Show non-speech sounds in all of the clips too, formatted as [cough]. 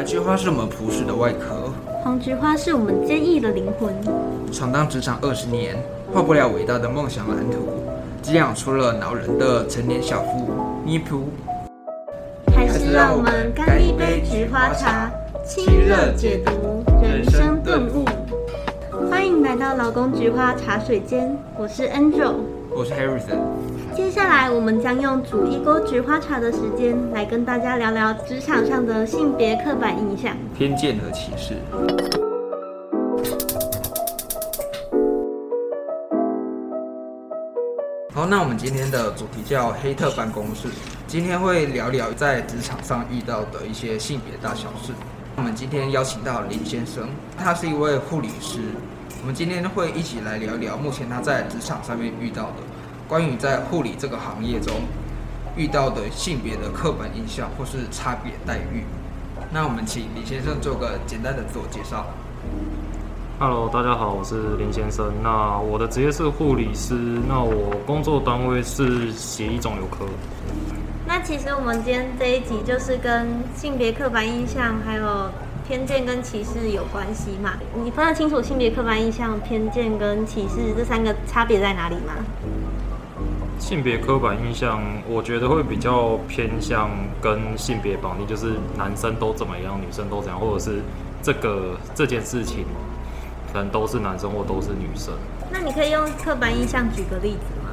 白菊花是我們樸實的外殼，黃菊花是我們堅毅的靈魂。闖蕩職場二十年，破不了偉大的夢想藍圖，滋養出了惱人的成年小腹。還是讓我們乾一杯菊花茶，清熱解毒，人生頓悟。歡迎來到勞工局菊花茶水間，我是 Angel，我是 Harrison。接下來，我們將用煮一鍋菊花茶的時間，來跟大家聊聊職場上的性別刻板印象、偏見和歧視。好，那我們今天的主題叫「黑特辦公室」。今天會聊聊在職場上遇到的一些性別大小事。我們今天邀請到林先生，他是一位護理師。我們今天會一起來聊一聊目前他在職場上面遇到的。關於在護理這個行業中遇到的性別的刻板印象或是差別待遇，那我們請林先生做個簡單的自我介紹。Hello，大家好，我是林先生。那我的職業是護理師，那我工作單位是協議腫瘤科。那其實我們今天這一集就是跟性別刻板印象、還有偏見跟歧視有關係嘛？你分得清楚性別刻板印象、偏見跟歧視這三個差別在哪裡嗎？性別刻板印象，我覺得會比較偏向跟性別綁定，你就是男生都怎麼樣，女生都怎樣，或者是這個這件事情，人都是男生或者都是女生。那你可以用刻板印象舉個例子嗎？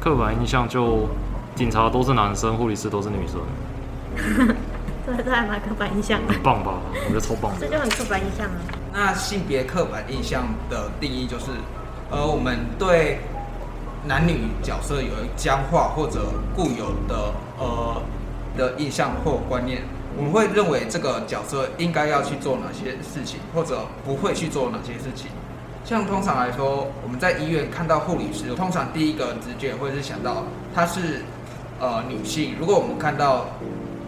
刻板印象就警察都是男生，護理師都是女生。 [laughs] 對對，這還蠻刻板印象啊。很棒吧？我覺得超棒的。 [laughs] 這就很刻板印象啊。那性別刻板印象的定義就是，呃，我們對。男女角色有僵化或者固有的呃的印象或觀念，我們會認為這個角色應該要去做哪些事情，或者不會去做哪些事情。像通常來說，我們在醫院看到護理師，通常第一個直覺會是想到她是呃女性。如果我們看到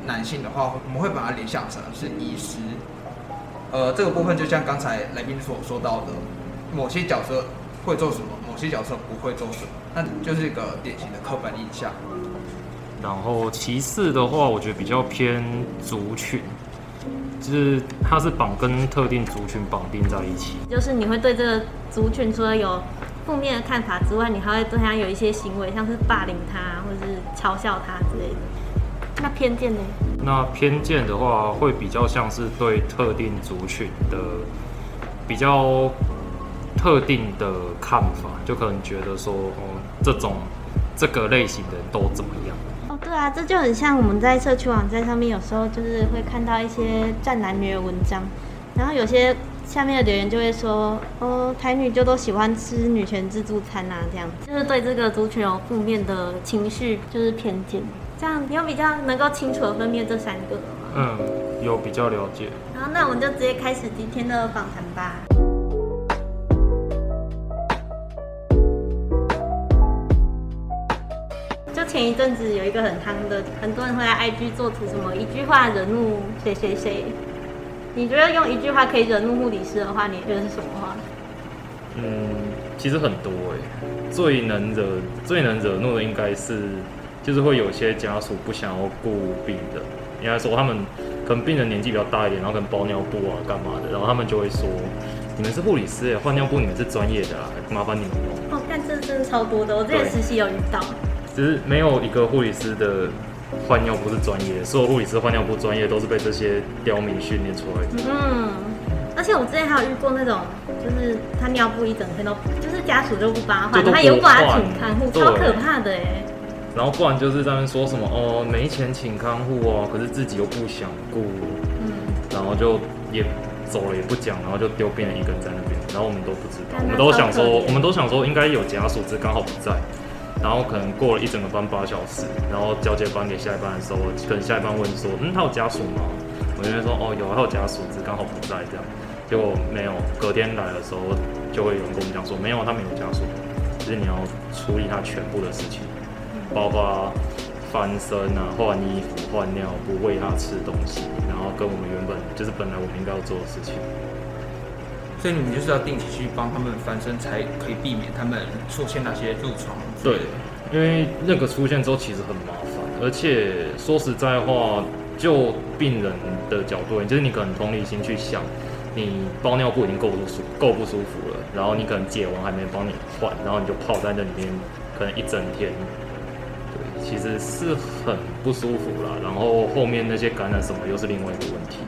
男性的話，我們會把它聯想成是醫師。呃，這個部分就像剛才來賓所說到的，某些角色會做什麼？某些角色不會做什麼，那就是一個典型的刻板印象。然後其次的話，我覺得比較偏族群，就是它是綁跟特定族群綁定在一起。就是你會對這個族群除了有負面的看法之外，你還會對他有一些行為，像是霸凌他或是嘲笑他之類的。那偏見呢？那偏見的話，會比較像是對特定族群的比較特定的看法，就可能覺得說，哦，這種這個類型的都怎麼樣？哦，對啊，這就很像我們在社區網站上面，有時候就是會看到一些戰男女的文章，然後有些下面的留言就會說，哦，台女就都喜歡吃女權自助餐啊，這樣就是對這個族群有負面的情緒，就是偏見。這樣，你有比較能夠清楚的分辨這三個嗎？嗯，有比較了解。然後那我們就直接開始今天的訪談吧。前一陣子有一個很夯的，很多人會在 IG 做出什麼一句話惹怒誰誰誰。你覺得用一句話可以惹怒護理師的話，你覺得是什麼話？嗯，其實很多哎、欸，最能惹、最能惹怒的應該是，就是會有些家屬不想要顧病的，應該說他們可能病人年紀比較大一點，然後可能包尿布啊幹嘛的，然後他們就會說，你們是護理師、欸，換尿布你們是專業的啊，麻煩你們。哦，但這真的超多的，我之前實習有遇到。其實沒有一個護理師的換尿布是專業，所有護理師換尿布專業都是被這些刁民訓練出來的。嗯，而且我之前還有遇過那種，就是他尿布一整天都，就是家屬就不幫他換，他有把他請看護，超可怕的哎。然後不然就是在那說什麼哦、呃，沒錢請看護哦、啊，可是自己又不想顧。嗯，然後就也走了也不講，然後就丟病人一個人在那邊，然後我們都不知道，我們都想說，我們都想說應該有家屬，只剛好不在。然後可能過了一整個班八小時，然後交接班給下一班的時候，可能下一班問說：“嗯，他有家屬嗎？”我就會說：“哦，有，他有家屬，只剛好不在這樣。”結果沒有。隔天來的時候，就會有人跟我們講說：“沒有，他沒有家屬。”就是你要處理他全部的事情、嗯，包括翻身啊、換衣服、換尿布、餵他吃東西，然後跟我們原本就是本來我們應該要做的事情。所以你們就是要定期去幫他們翻身，才可以避免他們出現那些褥瘡。對，因為那個出現之後其實很麻煩，而且說實在話，就病人的角度，就是你可能同理心去想，你包尿布已經夠不舒夠不舒服了，然後你可能解完還沒幫你換，然後你就泡在那裡面，可能一整天，對，其實是很不舒服啦。然後後面那些感染什麼又是另外一個問題。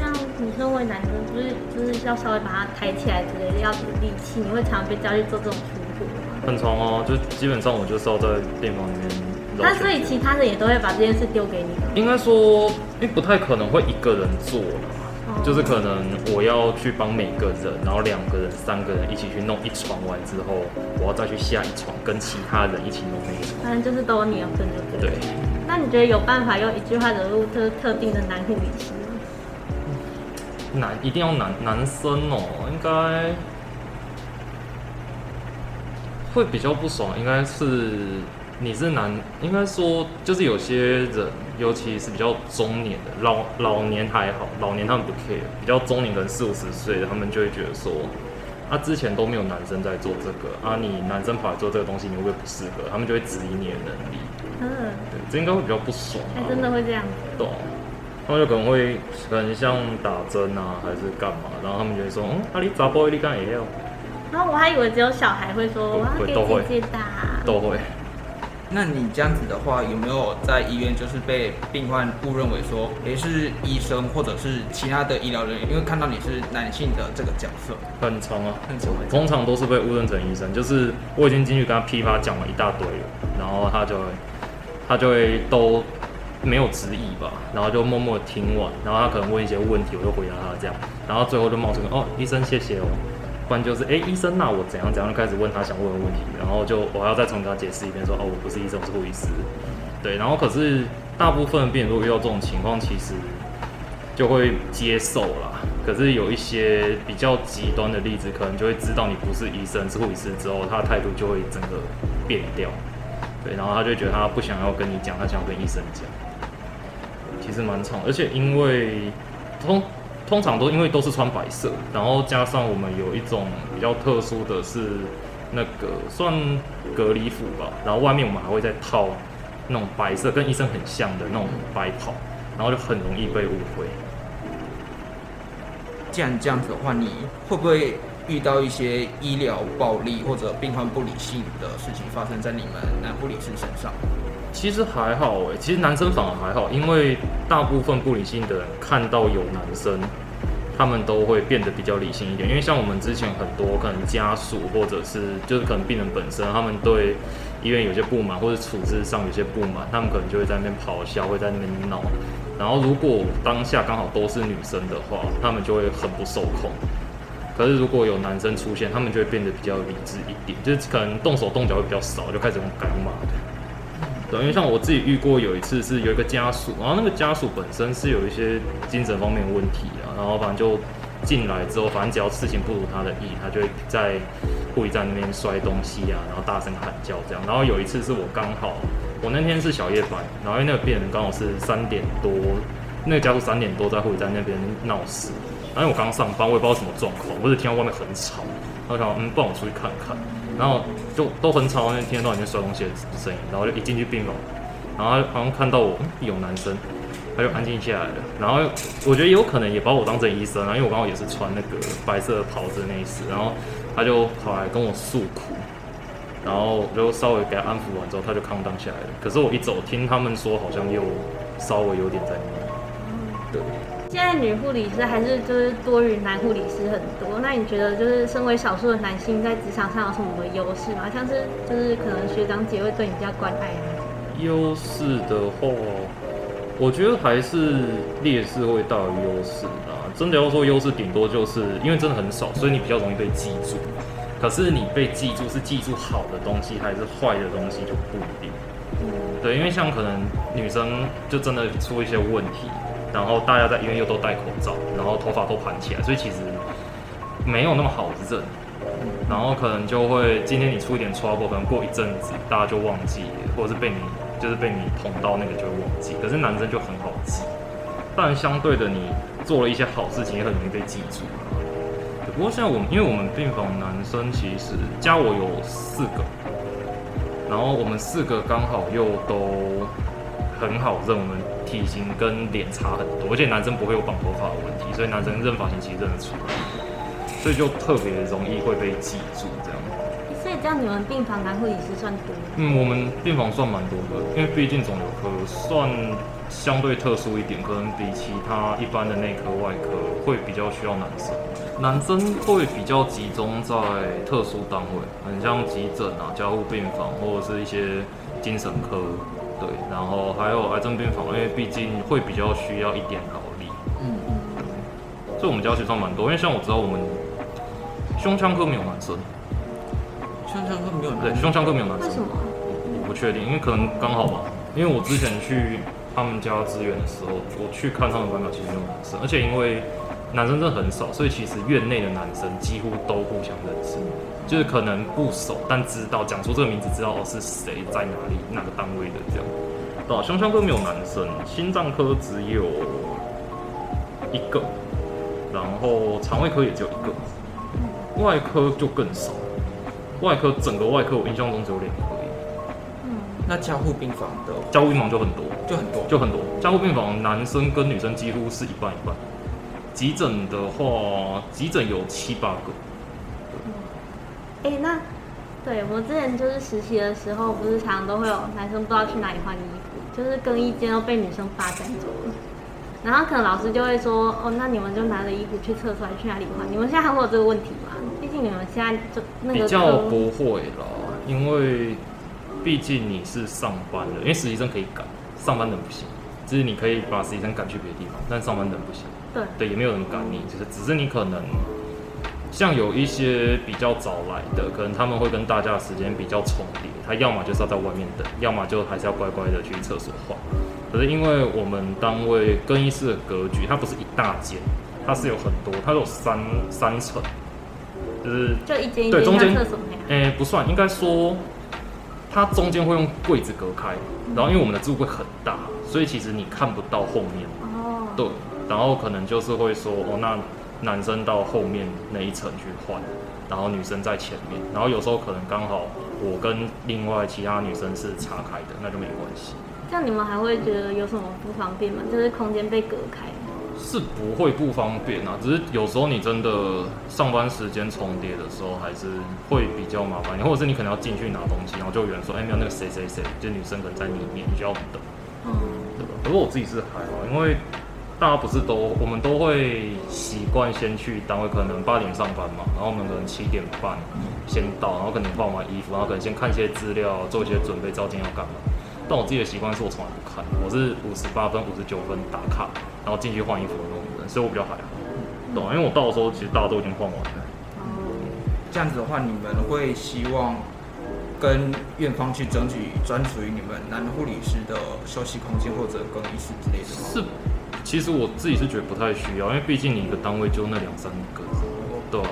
像你身為男生，就是就是要稍微把它抬起來之類的，要有力氣，你會常常被叫去做這種出貨。很長哦？啊，就基本上我就是要在病房裡面，嗯。那所以其他人也都會把這件事丟給你了？應該說，因為不太可能會一個人做了，哦，就是可能我要去幫每個人，然後兩個人，三個人一起去弄一床完之後，我要再去下一床，跟其他人一起弄每一。反正就是都有你的份就對了，對。那你覺得有辦法用一句話惹怒，特特定的男護理師嗎？男，嗯，一定要男男生哦？喔，應該。會比較不爽，應該是你是男，應該說就是有些人，尤其是比較中年的，老老年還好，老年他們不 care，比較中年可能四五十歲的他們就會覺得說，啊之前都沒有男生在做這個，啊你男生跑來做這個東西，你會不會不適合？他們就會質疑你的能力。嗯，對，這應該會比較不爽啊，還真的會這樣。懂，他們就可能會很像打針啊還是幹嘛，然後他們就會說，嗯，阿里雜包你干 l。然後我還以為只有小孩會說，我會，都會。都會。那你這樣子的話，有沒有在醫院就是被病患誤認為說誒是醫生或者是其他的醫療人員？因為看到你是男性的這個角色，很常啊，很常。通常都是被誤認成醫生，就是我已經進去跟他批發講了一大堆了，然後他就他就會都沒有質疑吧，然後就默默地聽完，然後他可能問一些問題，我就回答他這樣，然後最後就冒出個哦，醫生謝謝我，哦。不然就是，哎、欸，醫生、啊，那我怎樣怎樣開始問他想問的問題，然後就我還要再從他解釋一遍說，說哦，我不是醫生，我是護理師。對。然後可是大部分的病人如果遇到這種情況，其實就會接受啦。可是有一些比較極端的例子，可能就會知道你不是醫生是護理師之後，他的態度就會整個變掉。對，然後他就覺得他不想要跟你講，他想要跟醫生講。其實蠻慘，而且因為通。哦通常都因為都是穿白色，然後加上我們有一種比較特殊的是那個算隔離服吧，然後外面我們還會再套那種白色，跟醫生很像的那種白袍，然後就很容易被誤會。既然這樣子的話，你會不會遇到一些醫療暴力或者病患不理性的事情發生在你們男護理師身上？其實還好耶，其實男生反而還好，因為大部分不理性的人看到有男生，他們都會變得比較理性一點。因為像我們之前很多可能家屬或者是就是可能病人本身，他們對醫院有些不滿或者處置上有些不滿，他們可能就會在那邊咆哮，會在那邊鬧。然後如果當下剛好都是女生的話，他們就會很不受控。可是如果有男生出現，他們就會變得比較理智一點，就是可能動手動腳會比較少，就開始用乾罵。因為像我自己遇過有一次是有一個家屬，然後那個家屬本身是有一些精神方面的問題啊，然後反正就進來之後，反正只要事情不如他的意，他就會在護理站那邊摔東西啊，然後大聲喊叫這樣。然後有一次是我剛好，我那天是小夜班，然後因為那個病人剛好是三點多，那個家屬三點多在護理站那邊鬧事，然後因為我剛上班，我也不知道什麼狀況，我是聽到外面很吵。我想嗯，不然我出去看看。然後就都很吵，那天聽到裡面摔東西的聲音。然後就一進去病房，然後他好像看到我、嗯、有男生，他就安靜下來了。然後我覺得有可能也把我當成醫生，然後因為我剛好也是穿那個白色的袍子那一次，然後他就跑來跟我訴苦，然後就稍微給他安撫完之後，他就 calm down 下來了。可是我一走，聽他們說好像又稍微有點在對現在女護理師還是就是多於男護理師很多，那你覺得就是身為少數的男性在職場上有什麼優勢嗎？像是就是可能學長姐會對你比較關愛啊。優勢的話，我覺得還是劣勢會大於優勢啦。真的要說優勢，頂多就是因為真的很少，所以你比較容易被記住。可是你被記住是記住好的東西還是壞的東西就不一定。嗯，對，因為像可能女生就真的出一些問題。然後大家在醫院又都戴口罩，然後頭髮都盤起來，所以其實沒有那麼好認。然後可能就會今天你出一點錯誤，可能過一陣子大家就忘記，或者是被你就是被你捅到那個就會忘記。可是男生就很好記，但相對的，你做了一些好事情也很容易被記住。不過現在我們，因為我們病房男生其實加我有四個，然後我們四個剛好又都很好認我們體型跟臉差很多，而且男生不會有綁頭髮的問題，所以男生認髮型其實認得出來，所以就特別容易會被記住這樣。所以，這樣你們病房男護理師算多嗎？嗯，我們病房算蠻多的，因為畢竟腫瘤科算相對特殊一點，可能比其他一般的內科、外科會比較需要男生，男生會比較集中在特殊單位，很像急診啊、加護病房或者是一些精神科。對，然後還有癌症病房，因為畢竟會比較需要一點勞力。嗯嗯。對，所以我們家其實蠻多，因為像我知道我們胸腔科沒有男生，胸腔科沒有男生對，胸腔科沒有男生為什麼？我。我不確定，因為可能剛好吧。因為我之前去他們家支援的時候，我去看上的班表其實沒有男生，而且因為男生真的很少，所以其實院內的男生幾乎都互相認識。就是可能不熟，但知道講出這個名字，知道是誰在哪裡哪個單位的這樣。哦、啊，胸腔科沒有男生，心臟科只有一個，然後腸胃科也只有一個，嗯，外科就更少。外科整個外科我印象中只有兩個。嗯，那加護病房的加護病房就很多，就很多，就很多。加護病房男生跟女生幾乎是一半一半。急診的話，急診有七八個。哎、欸，那對，我們之前就是實習的時候，不是常常都會有男生不知道去哪裡換衣服，就是更衣間都被女生霸佔走了、嗯。然後可能老師就會說：“哦，那你們就拿着衣服去廁所，還是去哪裡換？”你們現在還會有這個問題嗎？畢竟你們現在就那個比較不會了，因為畢竟你是上班的，因為實習生可以趕，上班的不行。就是你可以把實習生趕去別的地方，但上班的不行。對對，也沒有人趕你，就是只是你可能。像有一些比較早來的，可能他們會跟大家的時間比較重疊，他要麼就是要在外面等，要麼就還是要乖乖的去廁所換。可是因為我們單位更衣室的格局，它不是一大間，它是有很多，它有三三層，就是就一間對中間哎、欸，不算，應該說它中間會用櫃子隔開，然後因為我們的置物櫃很大，所以其實你看不到後面哦、嗯，對，然後可能就是會說哦那。男生到後面那一層去換，然後女生在前面，然後有時候可能剛好我跟另外其他女生是岔開的，那就沒關係。這樣你們還會覺得有什麼不方便嗎？就是空間被隔開？是不會不方便啊，只是有時候你真的上班時間重疊的時候，還是會比較麻煩。你或者是你可能要進去拿東西，然後就有人說：“哎，沒有那個誰誰誰，就女生可能在裡面，你就要等。哦”嗯，對吧？不過我自己是還好，因為。大家不是都，我們都會習慣先去單位，可能八點上班嘛，然後我們可能七點半先到，然後可能換完衣服，然後可能先看一些資料，做一些準備，照鏡要幹嘛。但我自己的習慣是我從來不看，我是五十八分、五十九分打卡，然後進去換衣服的那種人，所以我比較害怕，懂嗎？因為我到的時候，其實大家都已經換完了、嗯。這樣子的話，你們會希望跟院方去爭取專屬於你們男護理師的休息空間，或者更衣室之類的嗎，是。其實我自己是覺得不太需要，因為畢竟你一個單位就那兩三個，對啊。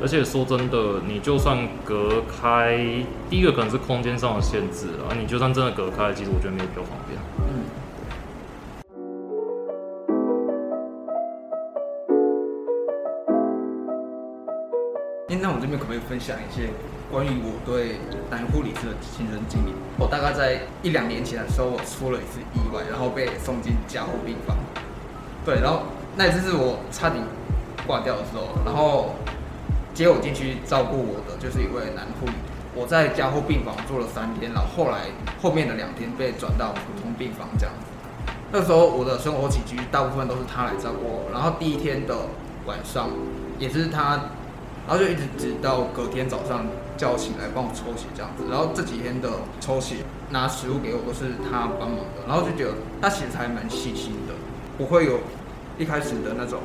而且說真的，你就算隔開，第一個可能是空間上的限制啊，你就算真的隔開，其實我覺得沒有比較方便。分享一些關於我對男護理師的親身經歷。我大概在一兩年前的時候，我出了一次意外，然後被送進加護病房。對，然後那次是我差點掛掉的時候，然後接我進去照顧我的就是一位男護理。我在加護病房住了三天，然後後來後面的兩天被轉到普通病房這樣。那時候我的生活起居大部分都是他來照顧我，然後第一天的晚上也是他。然後就一直直到隔天早上叫醒來幫我抽血這樣子，然後這幾天的抽血、拿食物給我都是他幫忙的，然後就覺得他其實還蠻細心的，不會有一開始的那種，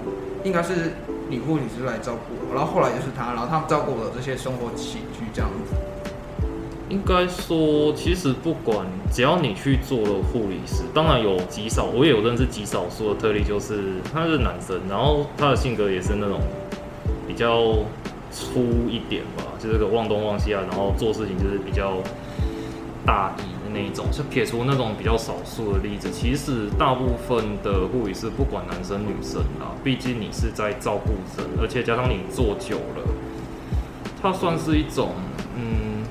應該是女護理師來照顧我，然後後來就是他，然後他照顧我的這些生活起居這樣子。應該說，其實不管只要你去做了護理師，當然有極少，我也有認識極少數的特例，就是他是男生，然後他的性格也是那種比較。粗一點吧，就是個忘東忘西啊，然後做事情就是比較大意的那一種。就撇除那種比較少數的例子，其實大部分的護理師不管男生女生啦，畢竟你是在照顧人，而且加上你做久了，它算是一種嗯，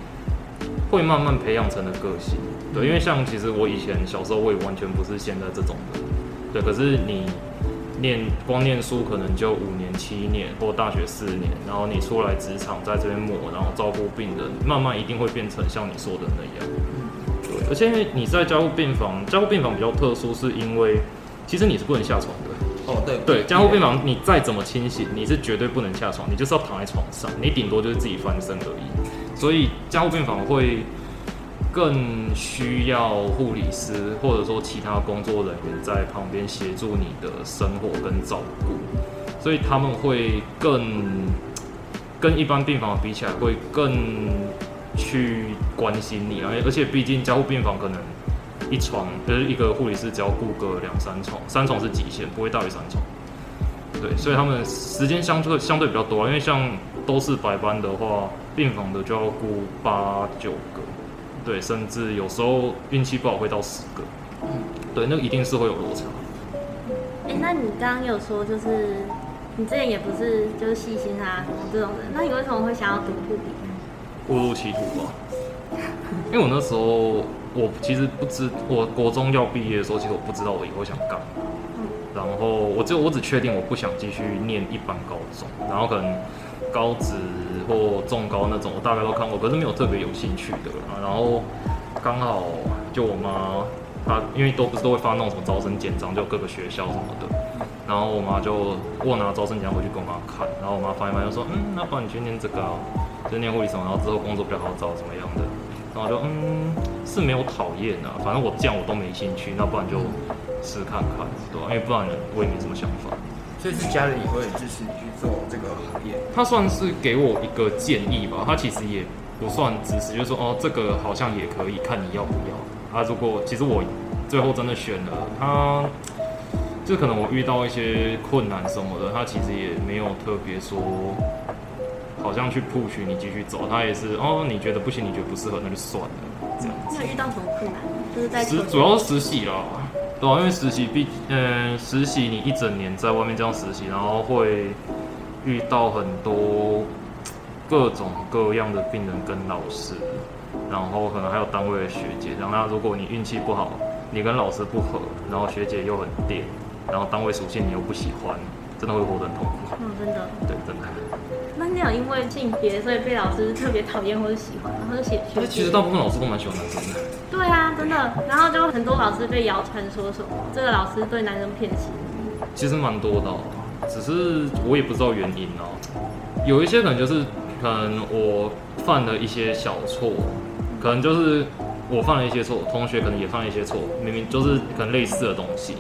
會慢慢培養成的個性。對，因為像其實我以前小時候我也完全不是現在這種人。對，可是你。念光念書可能就五年七年或大學四年，然後你出來職場在這邊磨，然後照顧病人，慢慢一定會變成像你說的那樣。對。而且因為你在加護病房，加護病房比較特殊，是因為其實你是不能下床的。哦，對。對，加護病房你再怎麼清醒，你是絕對不能下床，你就是要躺在床上，你頂多就是自己翻身而已。所以加護病房會更需要護理師，或者說其他工作人員在旁邊協助你的生活跟照顧，所以他們會更跟一般病房比起來會更去關心你，啊，而而且畢竟加護病房可能一床就是一個護理師，只要顧個兩三床，三床是極限，不會大於三床。對，所以他們時間相處相對比較多，因為像都是白班的話，病房的就要顧八九個。對，甚至有時候運氣不好會到十個。對，那個，一定是會有落差。欸，那你剛剛有說，就是你之前也不是就是細心啊什麼這種人，那你為什麼會想要讀護理？誤入歧途吧。因為我那時候，我其實不知我國中要畢業的時候，其實我不知道我以後想幹。嗯。然後我就我只確定我不想繼續念一般高中，然後可能高職。或重高那種，我大概都看過，可是沒有特別有興趣的。然後剛好就我媽，她因為都不是都會發那種什麼招生簡章，就各個學校什麼的。然後我媽就我拿招生簡章回去給我媽看，然後我媽翻一翻就說：“嗯，那不然你去念這個，啊，就念護理什麼，然後之後工作比較好找，怎麼樣的？”然後我就嗯是沒有討厭啊，反正我這樣我都沒興趣，那不然就試看看，對吧、啊？因為不然我也沒什麼想法。這是家人也會支持你去做這個行業？他算是給我一個建議吧，他其實也不算支持，就是說哦，這個好像也可以，看你要不要。啊，如果其實我最後真的選了他，就可能我遇到一些困難什麼的，他其實也沒有特別說，好像去 push 你繼續走，他也是哦，你覺得不行，你覺得不適合，那就算了。你有遇到什麼困難？就是在實主要是實習啊，對啊，因為實習畢，嗯、呃，實習你一整年在外面這樣實習，然後會遇到很多各種各樣的病人跟老師，然後可能還有單位的學姐，然後如果你運氣不好，你跟老師不合，然後學姐又很電，然後單位屬性你又不喜歡，真的會活得很痛苦。嗯，真的。對，真的。那有因為性別所以被老師特別討厭或者喜歡，然後就寫。其實其實大部分老師都蠻喜歡男生的。對啊，真的。然後就很多老師被謠傳說什麼這個老師對男生偏心。其實蠻多的哦，只是我也不知道原因哦。有一些可能就是可能我犯了一些小錯，可能就是我犯了一些錯，同學可能也犯了一些錯，明明就是可能類似的東西。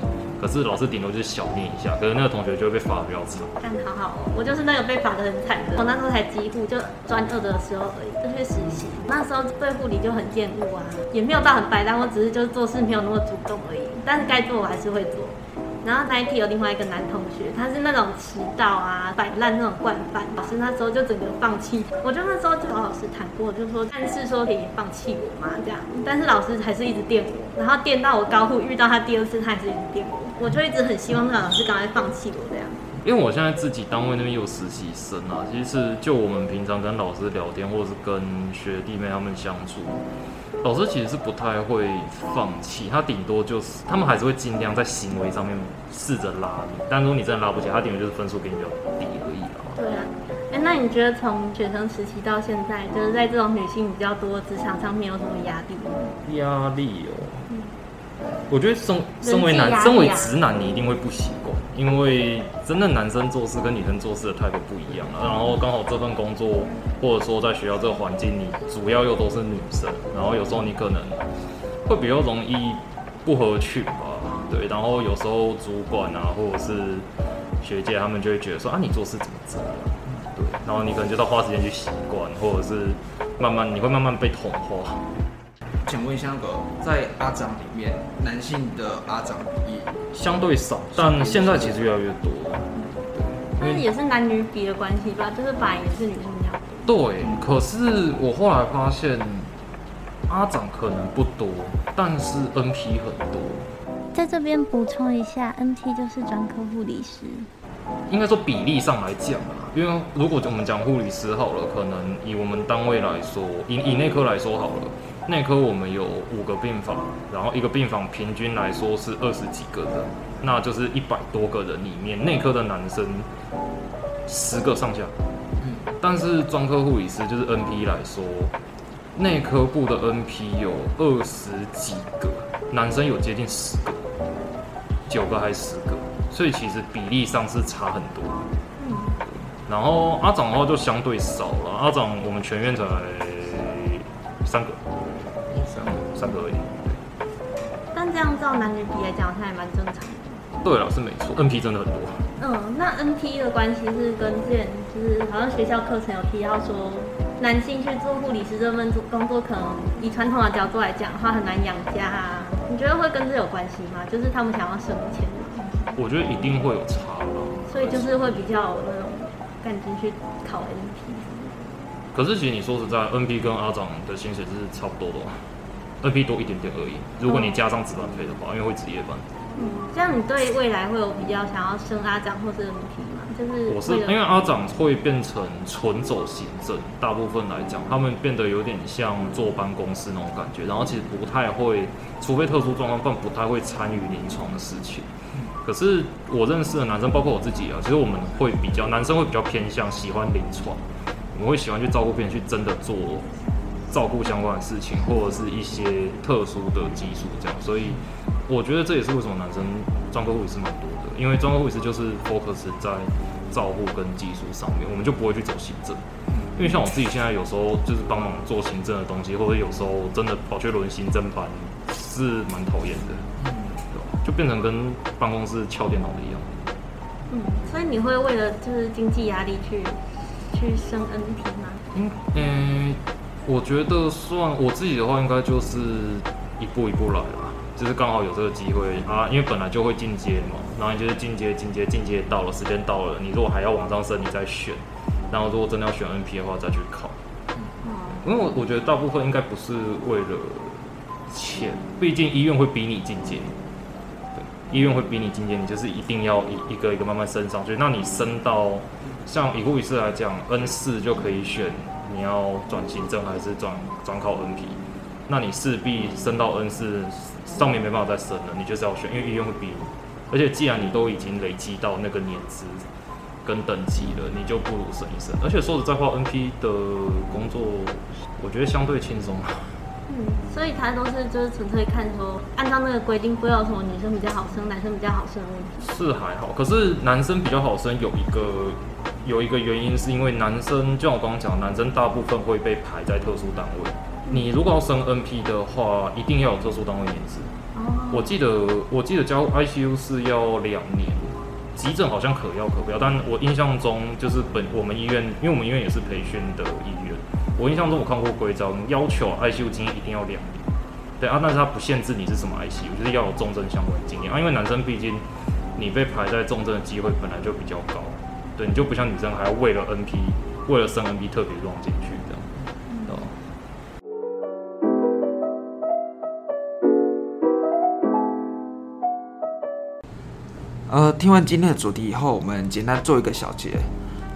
可是老師頂多就是小念一下，可是那個同學就會被罰的比較慘。看，好好哦，我就是那個被罰的很慘的。我那時候才幾乎就專二的時候而已，就去實習，那時候對護理就很厭惡啊，也沒有到很擺爛，但我只是就是做事沒有那麼主動而已，但是該做我還是會做。然後他還提有另外一個男同學，他是那種遲到啊、擺爛那種慣犯。老師那時候就整個放棄，我就那時候就找老、老師談過，就說暗示說可以放棄我嘛這樣。但是老師還是一直電我，然後電到我高二遇到他第二次，他還是一直電我。我就一直很希望那老師趕快放棄我這樣。因為我現在自己單位那邊有實習生啊，其實就我們平常跟老師聊天，或者是跟學弟妹他們相處。老師其實是不太會放棄，他頂多就是他們還是會儘量在行為上面試着拉你，但如果你真的拉不起來，他頂多就是分數給你比較低而已啊。對啊，哎、欸，那你覺得從學生時期到現在，就是在這種女性比較多的職場上面，有什麼壓力嗎？壓力哦、嗯，我覺得身身為男、啊，身為直男，你一定會不習慣。因為真的男生做事跟女生做事的態度不一樣啊。然後剛好這份工作或者說在學校這個環境裡，你主要又都是女生，然後有時候你可能會比較容易不合群吧，對，然後有時候主管啊或者是學姐他們就會覺得說啊你做事怎麼這樣、啊，對，然後你可能就到花時間去習慣，或者是慢慢你會慢慢被同化。想問一下，那個在阿長裡面，男性的阿長也相對少，但現在其實越來越多，因為也是男女比的關係吧，就是反而是女性比較多。對，可是我後來發現，阿長可能不多，但是 NP 很多。在這邊補充一下，NP 就是專科護理師，應該說比例上來講吧，啊，因為如果我們講護理師好了，可能以我們單位來說，以以內科來說好了。內科我們有五個病房，然後一個病房平均來說是二十幾個人，那就是一百多個人裡面，內科的男生十個上下。嗯，但是專科護理師就是 NP 來說，內科部的 NP 有二十幾個，男生有接近十個，九個還是十個，所以其實比例上是差很多。嗯，然後阿長的話就相對少了，阿長我們全院才三個。三個而已。但這樣照男女比來講，他還蠻正常的。對啊，是沒錯。NP 真的很多啊。嗯，那 NP 的關係是跟這，就是好像學校課程有提到說，男性去做護理師這份工作，可能以傳統的角度來講，他很難養家啊。你覺得會跟這有關係嗎？就是他們想要省錢。我覺得一定會有差吧。所以就是會比較有那種，趕緊去考 NP。可是其實你說實在，NP 跟阿長的薪水是差不多的。二倍多一點點而已。如果你加上值班費的話、嗯，因為會值夜班。嗯，這樣你對未來會有比較想要升阿長或者母皮嗎？就是我是，因為阿長會變成純走行政，大部分來講，他們變得有點像坐辦公室那種感覺，然後其實不太會，除非特殊狀況，但不太會參與臨床的事情。可是我認識的男生，包括我自己啊，其實我們會比較男生會比較偏向喜歡臨床，我們會喜歡去照顧病人，去真的做。照顧相關的事情，或者是一些特殊的技術這樣，所以我覺得這也是為什麼男生專科護士蠻多的，因為專科護士就是 focus 在照顧跟技術上面，我們就不會去走行政、嗯，因為像我自己現在有時候就是幫忙做行政的東西，或者有時候真的跑去輪行政班是蠻討厭的、嗯，就變成跟辦公室敲電腦的一樣。嗯，所以你會為了就是經濟壓力去去升 NP 嗎？嗯，嗯我覺得算我自己的話，應該就是一步一步來啦。就是剛好有這個機會啊，因為本來就會進階嘛。然後你就是進階、進階、進階到了，時間到了，你如果還要往上升，你再選。然後如果真的要選 NP 的話，再去考。嗯，因為我我覺得大部分應該不是為了錢，畢竟醫院會逼你進階，醫院會逼你進階，你就是一定要一一個一個慢慢升上去。那你升到像以護理師來講，N 四就可以選。你要轉行政還是轉轉考 NP？那你勢必升到 N 四，上面沒辦法再升了。你就是要選，因為醫院會比，而且既然你都已經累積到那個年資跟等級了，你就不如升一升。而且說實在話，NP 的工作我覺得相對輕鬆。嗯，所以他都是就是純粹看說，按照那個規定規，不要什麼女生比較好升，男生比較好升。是還好，可是男生比較好升有一個。有一個原因是因為男生，就像我剛剛講，男生大部分會被排在特殊單位。你如果要升 NP 的話，一定要有特殊單位年資。我記得我記得加入 ICU 是要兩年，急診好像可要可不要，但我印象中就是本我們醫院，因為我們醫院也是培訓的醫院，我印象中我看過規章，要求 ICU 經驗一定要兩年。對啊，但是它不限制你是什麼 ICU，就是要有重症相關的經驗啊，因為男生畢竟你被排在重症的機會本來就比較高。對你就不像女生，還要為了 NP，為了生 NP 特別撞進去這樣。嗯。呃，聽完今天的主題以後，我們簡單做一個小結。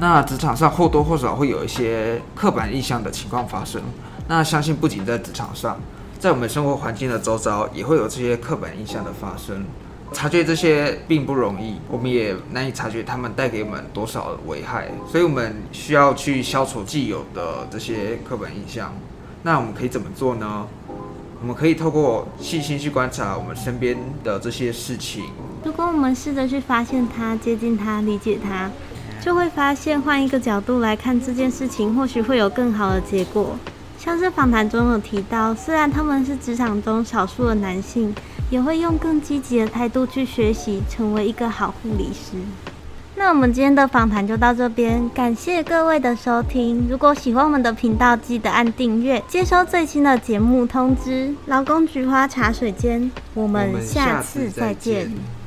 那職場上或多或少會有一些刻板印象的情況發生。那相信不僅在職場上，在我們生活環境的周遭，也會有這些刻板印象的發生。察覺這些並不容易，我們也難以察覺他們帶給我們多少危害，所以我們需要去消除既有的這些刻板印象。那我們可以怎麼做呢？我們可以透過細心去觀察我們身邊的這些事情，如果我們試着去發現它、接近它、理解它，就會發現換一個角度來看這件事情，或許會有更好的結果。像是訪談中有提到，雖然他們是職場中少數的男性。也會用更積極的態度去學習，成為一個好護理師。那我們今天的訪談就到這邊，感謝各位的收聽。如果喜歡我們的頻道，記得按訂閱，接收最新的節目通知。勞工局花茶水間，我們下次再見。